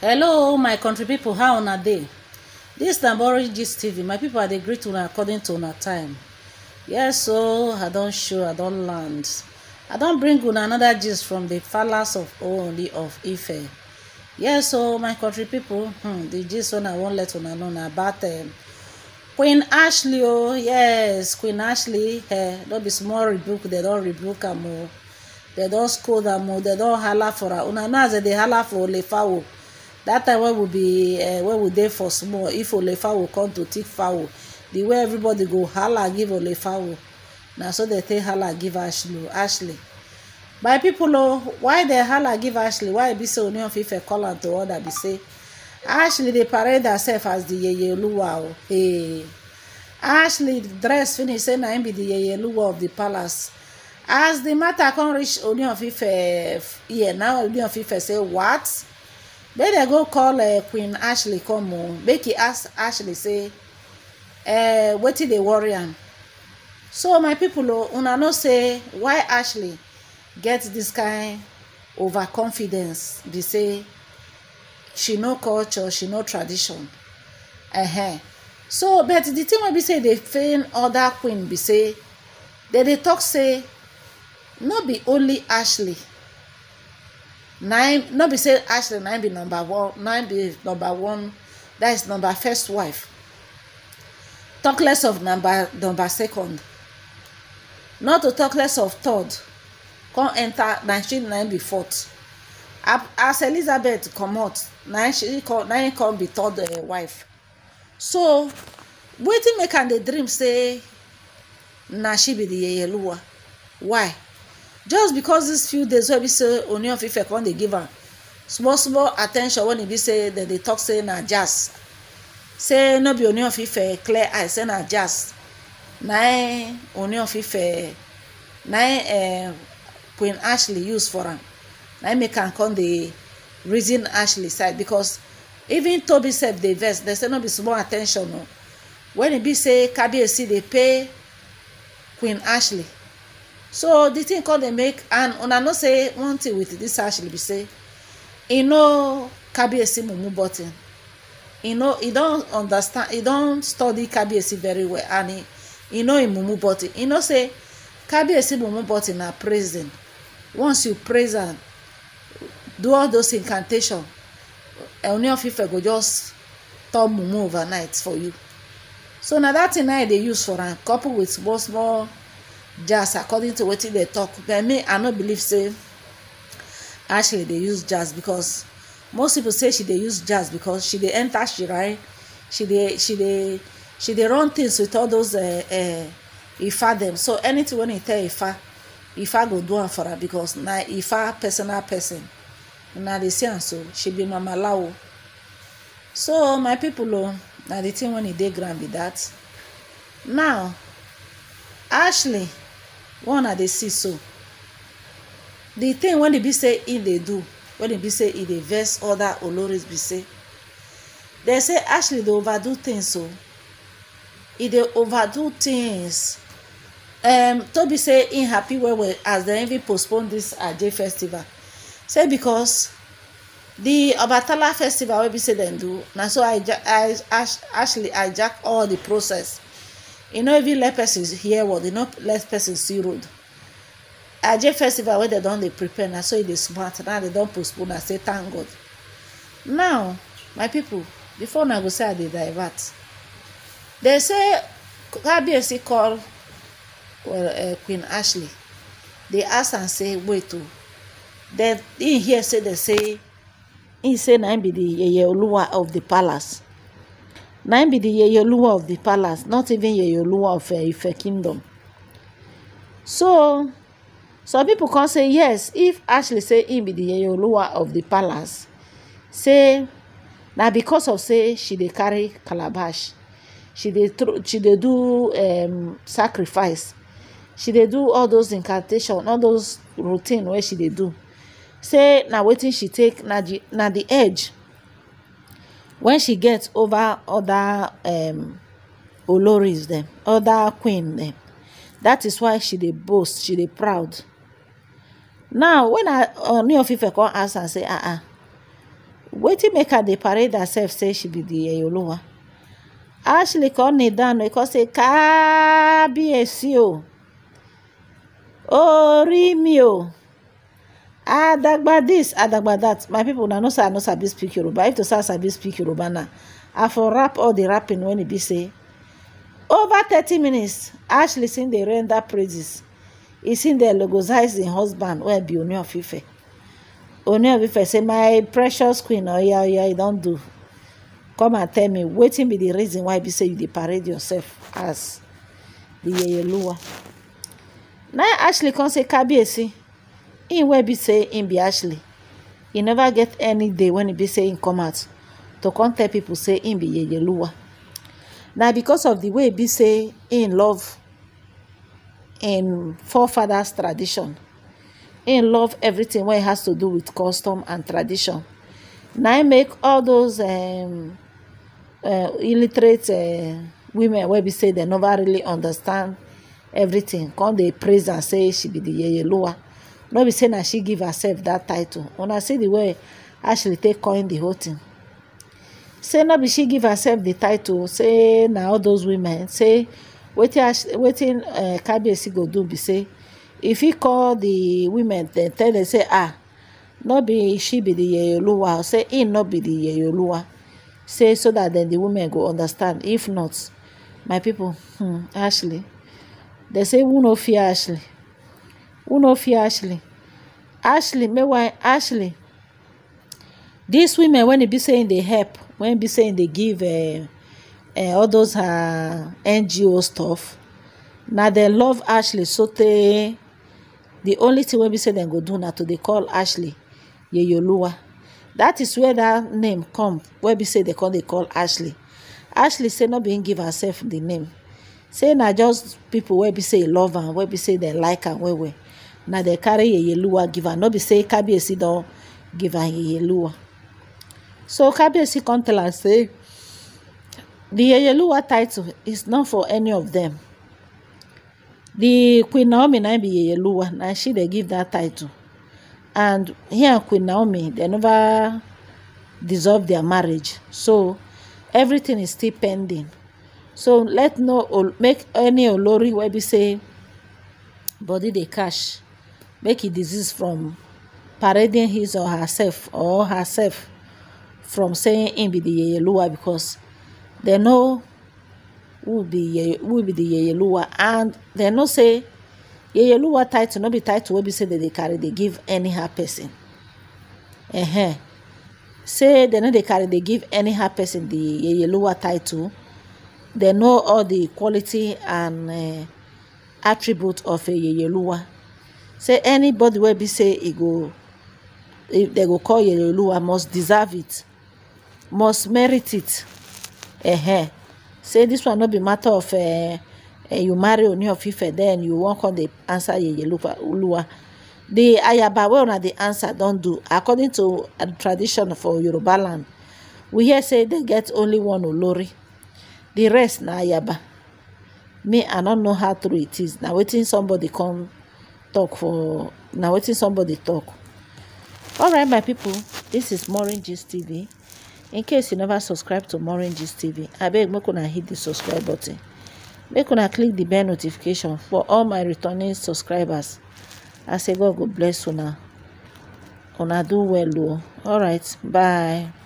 hello my country people. how una dey This na boring gist tv my people i dey greet una according to una time yes so i don show i don land i don bring una anoda gist from di palace of only of ife yes so my country people. hmm di gist one i wan let una know na about eh, queen ashley oh yes queen ashley Hey, eh, no be small rebuke They don rebuke am oh They don scold am oh They don hala for her una know as they dey hala for olefawo that time when we be uh, when we dey for small if olefa come to take fowl the way everybody go hala give olefa o na so they take hala give ashley ashley my people o oh, why they hala give ashley why e be say Ooni of Ife call am to order be say ashley dey parade herself as the yeye oluwa o oh, hey. ashley dress finish say na im be the yeye oluwa of the palace as the matter come reach Ooni of Ife ear yeah, now Ooni of Ife say what make dem go call uh, queen ashley come o oh, make he ask ashley say uh, eh, wetin dey worry am so my people o oh, una know say why ashley get this kind overconfidence be say she no culture she no tradition uh -huh. so but the thing wey be say dey fail other queen be say dem dey talk say no be only ashley nine no be say ashley nine be number one nine be number one that is number first wife talk less of number number second not to talk less of third come enter na she nine be fourth as elizabeth comot nine she come na come be third uh, wife so wetin make am dey dream say na she be the yeye luwa why just because these few days wey be say Ooni of Ife come dey give am small small at ten tion when e be say dem dey talk say na jazz say no be Ooni of Ife clear eye say na jazz na e Ooni of Ife na uh, Queen Ashley use for am na e make am come dey reason Ashley side because even Toby sef dey vex dey say no be small at ten tion o oh. when e be say Kabiyesi dey pay Queen Ashley so the thing come dey make and una know say one thing with this ashley be say e no kabiyesi mumu button e no e don understand e don study kabiyesi very well and e e know im mumu button e know say kabiyesi mumu button na praising once you praise am do all those incantation Ooni of Ife go just turn mumu overnight for you so na that thing i dey use for am couple with small small jazz according to wetin dey talk but me i no believe say ashley dey use jazz because most people say she dey use jazz because she dey enter shirai she dey she dey she dey run things with all those uh, uh, ifa dem so anything wey he tell ifa ifa go do am for her because na ifa personal person una dey see am so she be mama lawo so my people o oh, na the thing wey e dey ground be that now ashley one i dey see so the thing wey e be say e dey do when e be say e dey vex other oloris be say dem say ashley dey overdo things o e dey overdo things um, tobi say im e happy well well as dem even postpone this aje festival say because the obatala festival wey be say dem do na so i i ash, ashley hijack all the process e no even let person hear word e no let person see road aje festival wey dem don dey prepare na so e dey smart now dem don postpone am say thank god now my people before una go say i dey divert dem say kabiyesi call well, uh, queen ashley dey ask am say wait o dem im hear say dem say "He say na im be the yeye oluwa of the palace na im be the yeyoluwa of the palace not even yeyoluwa of eh, ife kingdom so some people can say yes if ashley say im be the yeyoluwa of the palace say now because of say she dey carry calabash she she dey do um, sacrifice she dey do all those incantation all those routine where she dey do say now waiting she take na the edge When she gets over other um oloris dem oda queen dem dat is why she dey boast she dey proud now wen oni uh, of ife come ask am say ah ah wetin make her dey parade herself say she be the eyolowa ashley come kneel down because say kábíyèsí o ori mi o adagba dis adagba that. my people na no say i no sabi speak yoruba if to say i sabi speak yoruba na i for wrap all the rapping when e be say over thirty minutes ashley sing dey render praises e sing dey logosize im husband wey be oni of ife oni of ife say my precious queen oya oh oya oh e don do come and tell me wetin be the reason why e be say you dey parade yourself as the di yeyeluwa na ashley come say kabiyesi In wey be say him be ashley e never get any day wen e be say him come out to come tell pipo say him be yeyeluwa na because of di way e be say him love him forefathers tradition him love everything wey has to do with custom and tradition na him make all those um, uh, illiterate uh, women wey be say dem never really understand everything come dey praise am say she be the yeyeluwa no be say na she give herself that title una see the way ashley take coin the whole thing say no be she give herself the title say na all those women say wetin wetin uh, kabiyesi go do be say if he call the women then tell them say ah no be she be the yeyoluwa say he no be the yeyoluwa say so that then the women go understand if not my people hmm, ashley they say who no fear ashley who no fear ashley ashley meanwhile ashley dis women when e be say im dey help when e be say im dey give eh, eh, all those her uh, ngo stuff na dem love ashley so sotey The only thing wey be say dem go do na to dey call ashley yeyoluwa That is where that name come wey be say dem come dey call ashley ashley say no be im give herself the name say na just people wey be say love am wey be say dem like am well well na dey carry yeyeluwa give am no be say kabiyesi don give am yeyeluwa so kabiyesi come tell am say the yeyeluwa title is not for any of them the queen naomi na be yeyeluwa na she dey give that title and he and queen naomi they never dissolve their marriage so everything is still pending so let no make any olori wey be say body dey cash make a disease from parading his or herself or herself from saying him be the yeyeluwa because they know who be who be the yeyeluwa and they know say yeyeluwa title no be title wey be say they carry they give any her person uh -huh. say they know they carry they give any her person the yeyeluwa title they know all the quality and uh, attribute of a yeyeluwa say anybody wey be say e go if e, go call yeroluwa must deserve it must merit it uh-huh. say this one no be matter of uh, you marry oni of ife then you wan come dey answer yeroluwa di ayaba wey una dey answer don do according to tradition for yoruba land we hear say they get only one olori the rest na ayaba me i no know how true it is na wetin somebody come talk for na wetin somebody talk all right my people this is maureen gist tv in case you never subscribe to maureen gist tv abeg make una hit the subscribe button make una click the bell notification for all my returning subscribers i say god go bless una una do well o oh. all right bye.